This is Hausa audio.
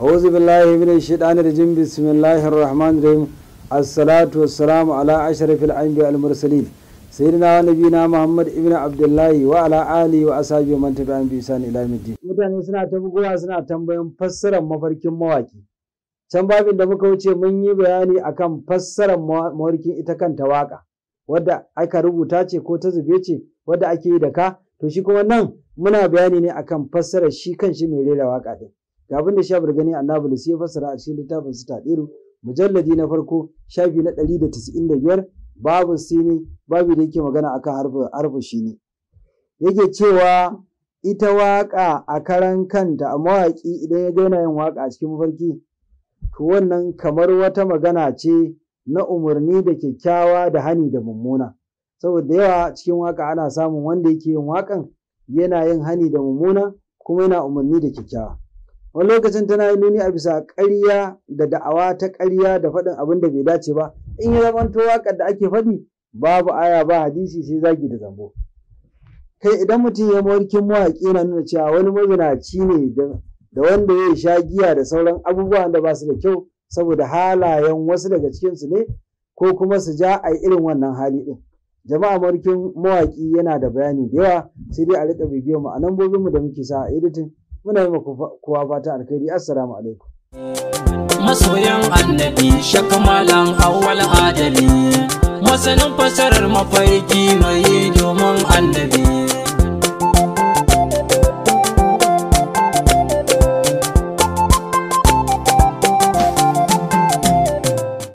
أعوذ بالله من الشيطان الرجيم بسم الله الرحمن الرحيم الصلاة والسلام على أشرف الأنبياء المرسلين سيدنا ونبينا محمد ابن عبد الله وعلى آله وأصحابه من تبعهم بإحسان إلى يوم mutane suna ta bugowa suna tambayan fassarar mafarkin mawaki can babin da muka wuce mun yi bayani akan fassarar mafarkin ita kanta waka wadda aka rubuta ce ko ta zube ce wadda ake yi da ka to shi kuma nan muna bayani ne akan fassarar shi kan shi mai rera waka din ga abin da shafar gani annabi ya fassara a cikin littafin su tadiru mujalladi na farko shafi na ɗari da da biyar babu sini babu da yake magana a akan harfi shi ne yake cewa ita waƙa a karan kanta a mawaƙi idan ya gaina yin waƙa a cikin mafarki to wannan kamar wata magana ce na umarni da kyakkyawa da hani da mummuna saboda yawa cikin waƙa ana samun wanda yake yin waƙan yana yin hani da mummuna kuma yana umarni da kyakkyawa wani lokacin tana yi nuni a bisa ƙarya da da'awa ta ƙarya da faɗin abin da bai dace ba in ya zamanto waƙar da ake faɗi babu aya ba hadisi sai zagi da zambo kai idan mutum ya mawarkin mawaƙi yana nuna cewa wani mazinaci ne da wanda ya sha giya da sauran abubuwan da ba su da kyau saboda halayen wasu daga cikinsu ne ko kuma su ja a irin wannan hali ɗin jama'a mawarkin mawaƙi yana da bayani da yawa sai dai a riƙa bibiyar mu a mu da muke sa a editing muna yi ma kowa fata alkhairi assalamu alaikum masoyan annabi shakamalan awwal adali masanin fasarar mafarki mai